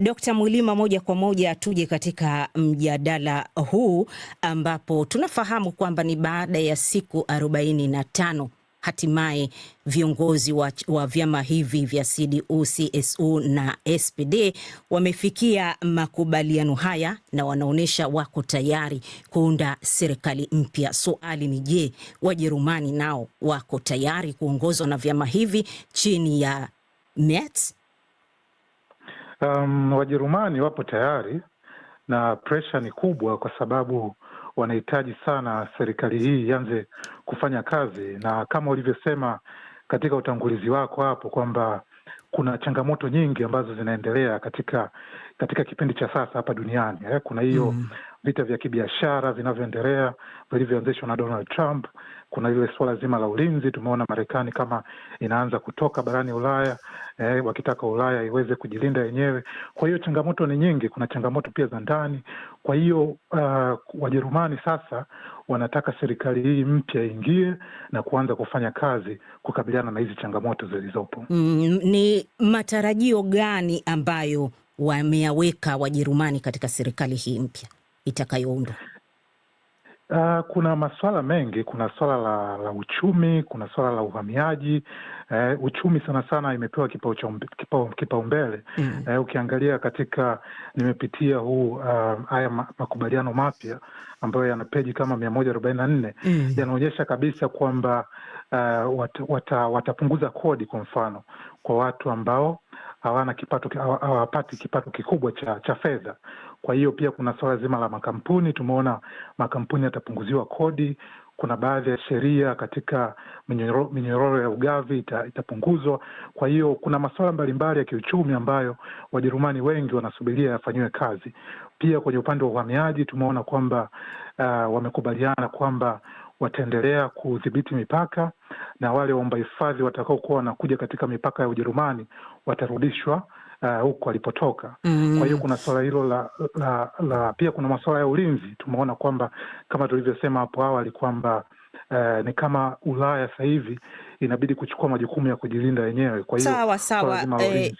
Dkt. Mwilima, moja kwa moja tuje katika mjadala huu ambapo tunafahamu kwamba ni baada ya siku arobaini na tano hatimaye viongozi wa, wa vyama hivi vya CDU, CSU na SPD wamefikia makubaliano haya na wanaonyesha wako tayari kuunda serikali mpya. Swali so, ni je, Wajerumani nao wako tayari kuongozwa na vyama hivi chini ya Merz? Um, Wajerumani wapo tayari na presha ni kubwa, kwa sababu wanahitaji sana serikali hii ianze kufanya kazi, na kama ulivyosema katika utangulizi wako hapo kwamba kuna changamoto nyingi ambazo zinaendelea katika katika kipindi cha sasa hapa duniani eh. Kuna hiyo mm vita vya kibiashara vinavyoendelea vilivyoanzishwa na Donald Trump. Kuna lile suala zima la ulinzi. Tumeona Marekani kama inaanza kutoka barani Ulaya eh, wakitaka Ulaya iweze kujilinda yenyewe. Kwa hiyo changamoto ni nyingi, kuna changamoto pia za ndani. Kwa hiyo uh, Wajerumani sasa wanataka serikali hii mpya ingie na kuanza kufanya kazi kukabiliana na hizi changamoto zilizopo. Mm, ni matarajio gani ambayo wameyaweka Wajerumani katika serikali hii mpya? itakayoundwa? Uh, kuna masuala mengi. Kuna swala la, la uchumi, kuna swala la uhamiaji, eh, uchumi sana sana imepewa kipaumbele kipa, kipa mm. Eh, ukiangalia katika nimepitia huu uh, haya makubaliano mapya ambayo yana peji kama mia moja arobaini na nne mm. yanaonyesha kabisa kwamba uh, wat, wat, watapunguza kodi kwa mfano kwa watu ambao hawana kipato hawapati kipato kikubwa cha, cha fedha. Kwa hiyo pia kuna suala zima la makampuni, tumeona makampuni yatapunguziwa kodi kuna baadhi ya sheria katika minyororo ya ugavi ita, itapunguzwa. Kwa hiyo kuna masuala mbalimbali ya kiuchumi ambayo Wajerumani wengi wanasubiria yafanyiwe kazi. Pia kwenye upande wa uhamiaji tumeona kwamba uh, wamekubaliana kwamba wataendelea kudhibiti mipaka na wale waomba hifadhi watakaokuwa wanakuja katika mipaka ya Ujerumani watarudishwa Eh, huko uh, alipotoka mm. Kwa hiyo kuna suala hilo la, la, la pia kuna masuala ya ulinzi. Tumeona kwamba kama tulivyosema hapo awali kwamba Uh, ni kama Ulaya sasa hivi inabidi kuchukua majukumu ya kujilinda yenyewe. Kwa sawa sawa, eh,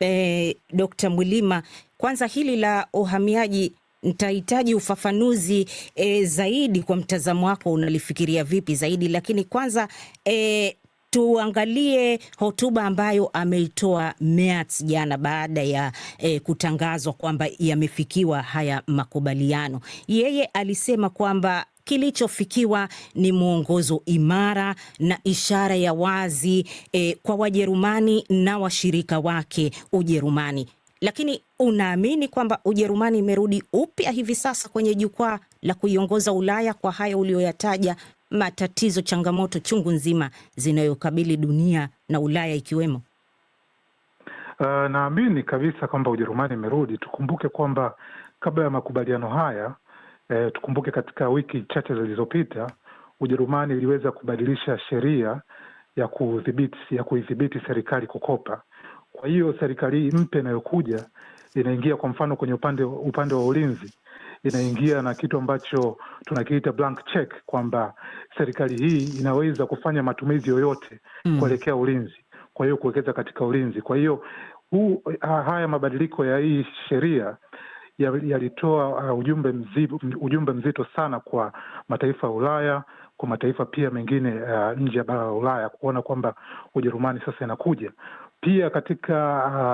eh, Dkt. Mwilima, kwanza hili la uhamiaji ntahitaji ufafanuzi e, zaidi. Kwa mtazamo wako unalifikiria vipi zaidi? Lakini kwanza e, tuangalie hotuba ambayo ameitoa Merz jana baada ya eh, kutangazwa kwamba yamefikiwa haya makubaliano. Yeye alisema kwamba kilichofikiwa ni mwongozo imara na ishara ya wazi eh, kwa Wajerumani na washirika wake Ujerumani. Lakini unaamini kwamba Ujerumani imerudi upya hivi sasa kwenye jukwaa la kuiongoza Ulaya kwa haya uliyoyataja matatizo, changamoto chungu nzima zinayokabili dunia na Ulaya ikiwemo? Uh, naamini kabisa kwamba Ujerumani imerudi. Tukumbuke kwamba kabla ya makubaliano haya eh, tukumbuke katika wiki chache zilizopita Ujerumani iliweza kubadilisha sheria ya kudhibiti ya kuidhibiti serikali kukopa. Kwa hiyo serikali hii mpya inayokuja inaingia kwa mfano kwenye upande upande wa ulinzi inaingia na kitu ambacho tunakiita blank check kwamba serikali hii inaweza kufanya matumizi yoyote mm. kuelekea ulinzi, kwa hiyo kuwekeza katika ulinzi. Kwa hiyo huu, haya mabadiliko ya hii sheria yalitoa uh, ujumbe, mzibu, ujumbe mzito sana kwa mataifa ya Ulaya, kwa mataifa pia mengine uh, nje ya bara la Ulaya kuona kwamba Ujerumani sasa inakuja pia katika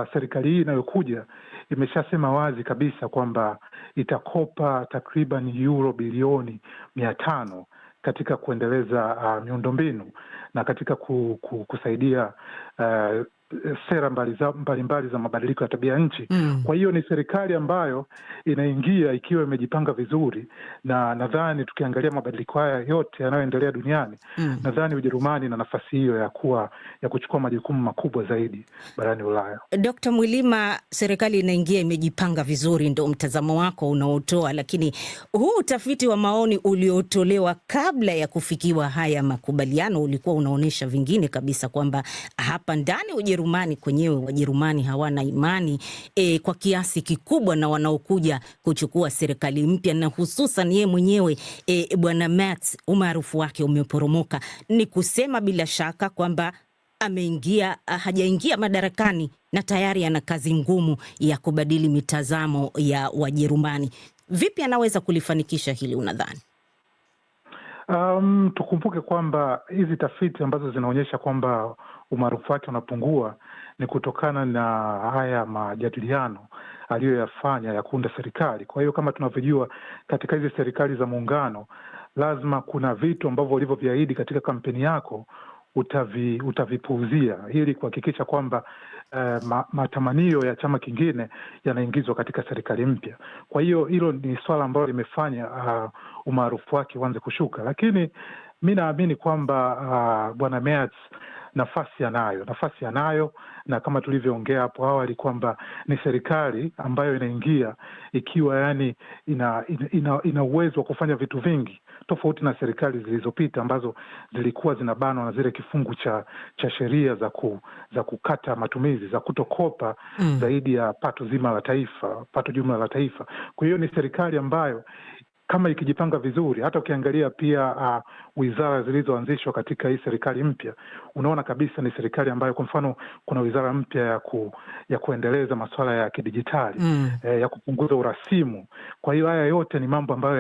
uh, serikali hii inayokuja imeshasema wazi kabisa kwamba itakopa takriban euro bilioni mia tano katika kuendeleza uh, miundombinu na katika ku, ku, kusaidia uh, Eh, sera mbalimbali mbali za mabadiliko ya tabia nchi mm. Kwa hiyo ni serikali ambayo inaingia ikiwa imejipanga vizuri, na nadhani tukiangalia mabadiliko haya yote yanayoendelea duniani mm. nadhani Ujerumani na nafasi hiyo ya kuwa ya kuchukua majukumu makubwa zaidi barani Ulaya. Dkt. Mwilima, serikali inaingia imejipanga vizuri, ndo mtazamo wako unaotoa, lakini huu utafiti wa maoni uliotolewa kabla ya kufikiwa haya makubaliano ulikuwa unaonyesha vingine kabisa, kwamba hapa ndani ujeru Wajerumani kwenyewe, Wajerumani hawana imani e, kwa kiasi kikubwa na wanaokuja kuchukua serikali mpya, na hususan yeye mwenyewe e, bwana Merz umaarufu wake umeporomoka. Ni kusema bila shaka kwamba ameingia hajaingia madarakani na tayari ana kazi ngumu ya kubadili mitazamo ya Wajerumani. Vipi anaweza kulifanikisha hili unadhani? Um, tukumbuke kwamba hizi tafiti ambazo zinaonyesha kwamba umaarufu wake unapungua ni kutokana na haya majadiliano aliyoyafanya ya kuunda serikali. Kwa hiyo kama tunavyojua, katika hizi serikali za muungano lazima kuna vitu ambavyo ulivyoviahidi katika kampeni yako utavi, utavipuuzia ili kuhakikisha kwamba uh, ma, matamanio ya chama kingine yanaingizwa katika serikali mpya. Kwa hiyo hilo ni swala ambalo limefanya uh, umaarufu wake uanze kushuka, lakini mi naamini kwamba uh, bwana Merz nafasi anayo, nafasi anayo, na kama tulivyoongea hapo awali kwamba ni serikali ambayo inaingia ikiwa yani ina ina, ina, ina uwezo wa kufanya vitu vingi tofauti na serikali zilizopita ambazo zilikuwa zinabanwa na zile kifungu cha cha sheria za ku, za kukata matumizi za kutokopa mm. zaidi ya pato zima la taifa, pato jumla la taifa. Kwa hiyo ni serikali ambayo kama ikijipanga vizuri. Hata ukiangalia pia uh, wizara zilizoanzishwa katika hii serikali mpya, unaona kabisa ni serikali ambayo, kwa mfano, kuna wizara mpya ya, ku, ya kuendeleza masuala ya kidijitali mm. eh, ya kupunguza urasimu. Kwa hiyo haya yote ni mambo ambayo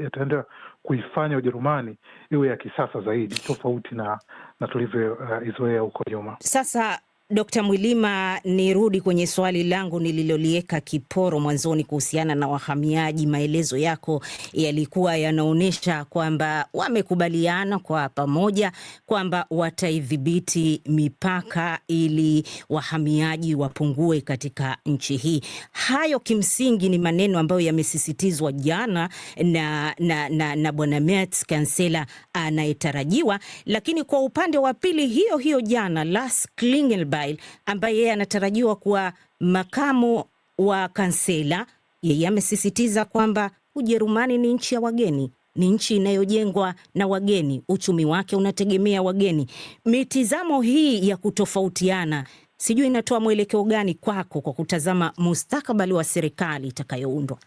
yataenda kuifanya Ujerumani iwe ya kisasa zaidi, tofauti na, na tulivyoizoea uh, huko nyuma. Sasa Dkt. Mwilima, nirudi kwenye swali langu nililoliweka kiporo mwanzoni kuhusiana na wahamiaji. Maelezo yako yalikuwa yanaonyesha kwamba wamekubaliana kwa pamoja kwamba wataidhibiti mipaka ili wahamiaji wapungue katika nchi hii. Hayo kimsingi ni maneno ambayo yamesisitizwa jana na, na, na, na Bwana Merz, kansela anayetarajiwa, lakini kwa upande wa pili hiyo hiyo jana Lars Klingel Bail ambaye yeye anatarajiwa kuwa makamu wa kansela, yeye amesisitiza kwamba Ujerumani ni nchi ya wageni, ni nchi inayojengwa na wageni, uchumi wake unategemea wageni. Mitizamo hii ya kutofautiana sijui inatoa mwelekeo gani kwako kwa kutazama mustakabali wa serikali itakayoundwa?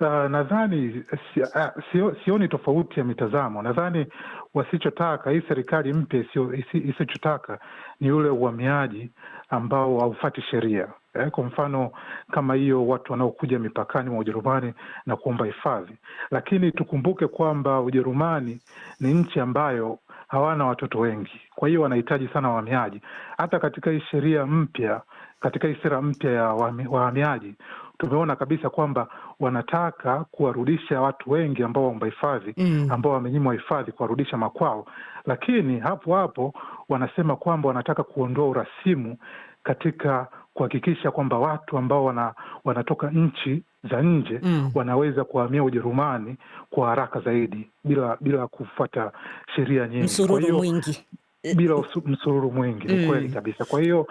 Uh, nadhani si, uh, tofauti ya mitazamo. Nadhani wasichotaka hii serikali mpya isichotaka ni ule uhamiaji ambao haufati sheria eh. Kwa mfano kama hiyo watu wanaokuja mipakani mwa Ujerumani na kuomba hifadhi, lakini tukumbuke kwamba Ujerumani ni nchi ambayo hawana watoto wengi, kwa hiyo wanahitaji sana wahamiaji. Hata katika hii sheria mpya, katika hii sera mpya ya wahamiaji wami, tumeona kabisa kwamba wanataka kuwarudisha watu wengi ambao waomba hifadhi mm. ambao wamenyimwa hifadhi kuwarudisha makwao, lakini hapo hapo wanasema kwamba wanataka kuondoa urasimu katika kuhakikisha kwamba watu ambao wana, wanatoka nchi za nje mm. wanaweza kuhamia Ujerumani kwa haraka zaidi bila bila kufuata sheria nyingi. Msururu mwingi bila msururu mwingi. Ni kweli mm. kabisa. Kwa hiyo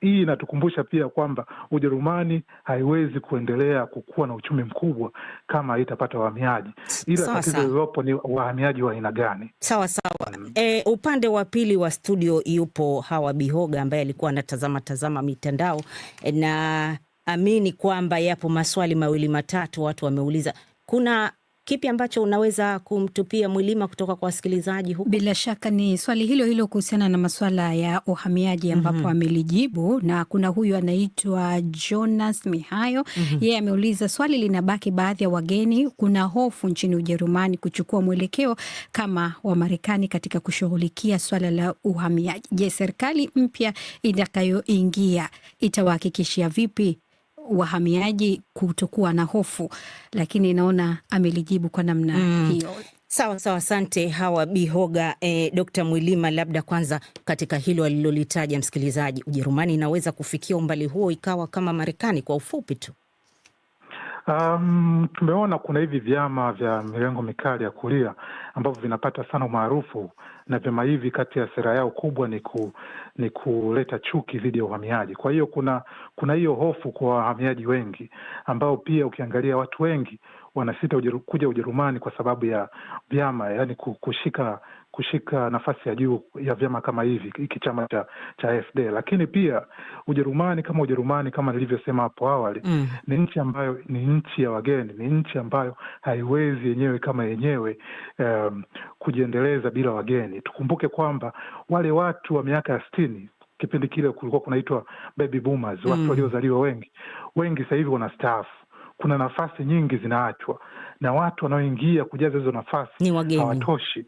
hii inatukumbusha pia kwamba Ujerumani haiwezi kuendelea kukuwa na uchumi mkubwa kama haitapata wahamiaji, ila tatizo lilopo ni wahamiaji wa aina gani? Sawa sawa. Mm. E, upande wa pili wa studio yupo Hawa Bihoga ambaye alikuwa anatazama tazama mitandao na amini kwamba yapo maswali mawili matatu watu wameuliza. Kuna kipi ambacho unaweza kumtupia Mwilima kutoka kwa wasikilizaji huko? Bila shaka ni swali hilo hilo kuhusiana na masuala ya uhamiaji ambapo mm -hmm. amelijibu na kuna huyu anaitwa Jonas Mihayo mm -hmm. yeye yeah, ameuliza swali linabaki, baadhi ya wageni kuna hofu nchini Ujerumani kuchukua mwelekeo kama wa Marekani katika kushughulikia swala la uhamiaji. Je, serikali mpya itakayoingia itawahakikishia vipi wahamiaji kutokuwa na hofu, lakini naona amelijibu kwa namna mm. hiyo. Sawa sawa, asante Hawa Bihoga. Eh, Dkt. Mwilima, labda kwanza katika hilo alilolitaja msikilizaji, Ujerumani inaweza kufikia umbali huo ikawa kama Marekani kwa ufupi tu? Um, tumeona kuna hivi vyama vya mirengo mikali ya kulia ambavyo vinapata sana umaarufu na vyama hivi, kati ya sera yao kubwa ni ku, ni kuleta chuki dhidi ya uhamiaji. Kwa hiyo kuna kuna hiyo hofu kwa wahamiaji wengi ambao pia ukiangalia watu wengi wanasita ujeru, kuja Ujerumani kwa sababu ya vyama, yaani kushika kushika nafasi ya juu ya vyama kama hivi hiki chama cha cha FD. Lakini pia Ujerumani kama Ujerumani kama nilivyosema hapo awali mm, ni nchi ambayo ni nchi ya wageni, ni nchi ambayo haiwezi yenyewe kama yenyewe um, kujiendeleza bila wageni. Tukumbuke kwamba wale watu wa miaka ya sitini kipindi kile kulikuwa kunaitwa baby boomers, watu mm, waliozaliwa wengi wengi, sasa hivi wanastaafu kuna nafasi nyingi zinaachwa na watu wanaoingia kujaza hizo nafasi hawatoshi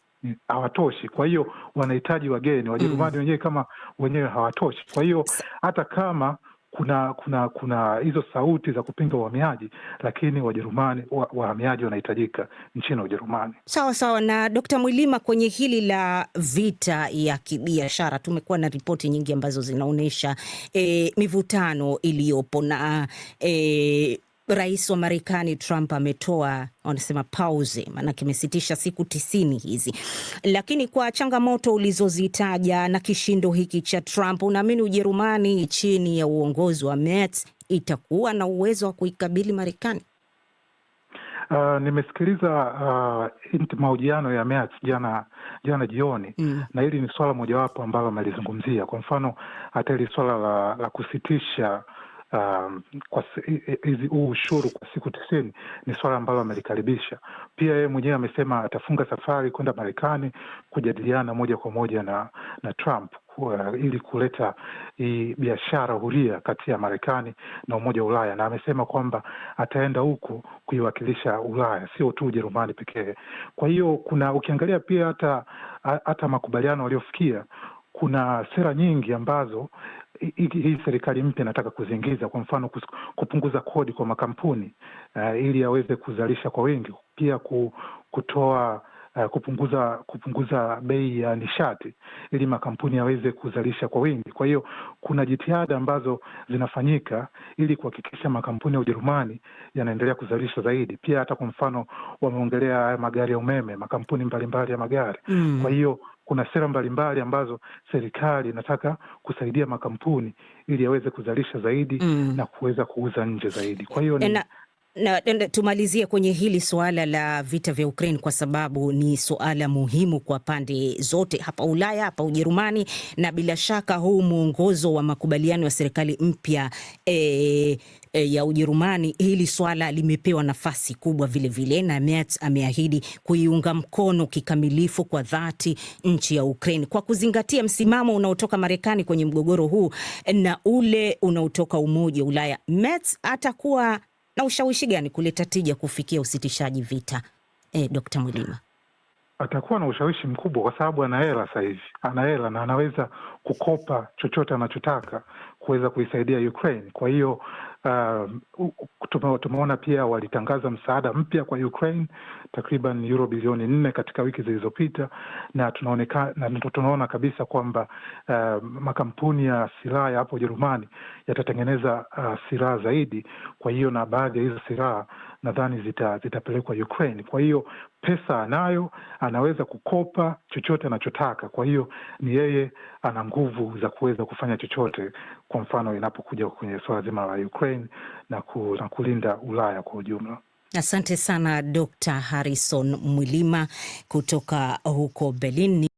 hawatoshi. Kwa hiyo wanahitaji wageni. Wajerumani mm. wenyewe kama wenyewe hawatoshi. Kwa hiyo hata kama kuna kuna kuna hizo sauti za kupinga uhamiaji, lakini Wajerumani wahamiaji wanahitajika nchini Ujerumani. Sawa sawa. Na Dkt. Mwilima, kwenye hili la vita ya kibiashara, tumekuwa na ripoti nyingi ambazo zinaonyesha e, mivutano iliyopo na e, Rais wa Marekani Trump ametoa wanasema pause, maanake imesitisha siku tisini hizi. Lakini kwa changamoto ulizozitaja na kishindo hiki cha Trump, unaamini Ujerumani chini ya uongozi wa met itakuwa na uwezo wa kuikabili Marekani? Uh, nimesikiliza uh, mahojiano ya mea jana jana jioni mm. Na hili ni swala mojawapo ambalo amelizungumzia, kwa mfano hata hili swala la, la kusitisha um, kwa hizi huu ushuru kwa siku tisini ni swala ambalo amelikaribisha. Pia yeye mwenyewe amesema atafunga safari kwenda Marekani kujadiliana moja kwa moja na, na Trump uh, ili kuleta hii biashara huria kati ya Marekani na Umoja wa Ulaya, na amesema kwamba ataenda huku kuiwakilisha Ulaya, sio tu Ujerumani pekee. Kwa hiyo kuna ukiangalia pia hata hata makubaliano waliofikia kuna sera nyingi ambazo hii serikali mpya inataka kuziingiza, kwa mfano kupunguza kodi kwa makampuni uh, ili yaweze kuzalisha kwa wingi, pia kutoa uh, kupunguza kupunguza bei ya nishati ili makampuni yaweze kuzalisha kwa wingi. Kwa hiyo kuna jitihada ambazo zinafanyika ili kuhakikisha makampuni ya Ujerumani yanaendelea kuzalisha zaidi. Pia hata kwa mfano wameongelea haya magari ya umeme, makampuni mbalimbali mbali ya magari mm. Kwa hiyo kuna sera mbalimbali ambazo serikali inataka kusaidia makampuni ili yaweze kuzalisha zaidi mm. na kuweza kuuza nje zaidi. Kwa hiyo ni, eh, na, na, tumalizie kwenye hili suala la vita vya Ukraine kwa sababu ni suala muhimu kwa pande zote hapa Ulaya, hapa Ujerumani, na bila shaka huu mwongozo wa makubaliano ya serikali mpya e, e, ya Ujerumani, hili swala limepewa nafasi kubwa vilevile vile, na Merz ameahidi kuiunga mkono kikamilifu kwa dhati nchi ya Ukraine kwa kuzingatia msimamo unaotoka Marekani kwenye mgogoro huu na ule unaotoka Umoja wa Ulaya. Merz atakuwa na ushawishi gani kuleta tija kufikia usitishaji vita? E, eh, Dkt. Mwilima atakuwa na ushawishi mkubwa, kwa sababu ana hela sasa hivi, ana hela na anaweza kukopa chochote anachotaka kuweza kuisaidia Ukraine. Kwa hiyo uh, tumeona pia walitangaza msaada mpya kwa Ukraine takriban euro bilioni nne katika wiki zilizopita, na tunaona kabisa kwamba uh, makampuni ya silaha ya hapo Ujerumani yatatengeneza uh, silaha zaidi. Kwa hiyo na baadhi ya hizo silaha nadhani zita, zitapelekwa Ukraine. Kwa hiyo pesa anayo, anaweza kukopa chochote anachotaka. Kwa hiyo ni yeye ana nguvu za kuweza kufanya chochote, kwa mfano inapokuja kwenye suala zima la Ukraine na, ku, na kulinda Ulaya kwa ujumla. Asante sana Dr. Harrison Mwilima kutoka huko Berlin.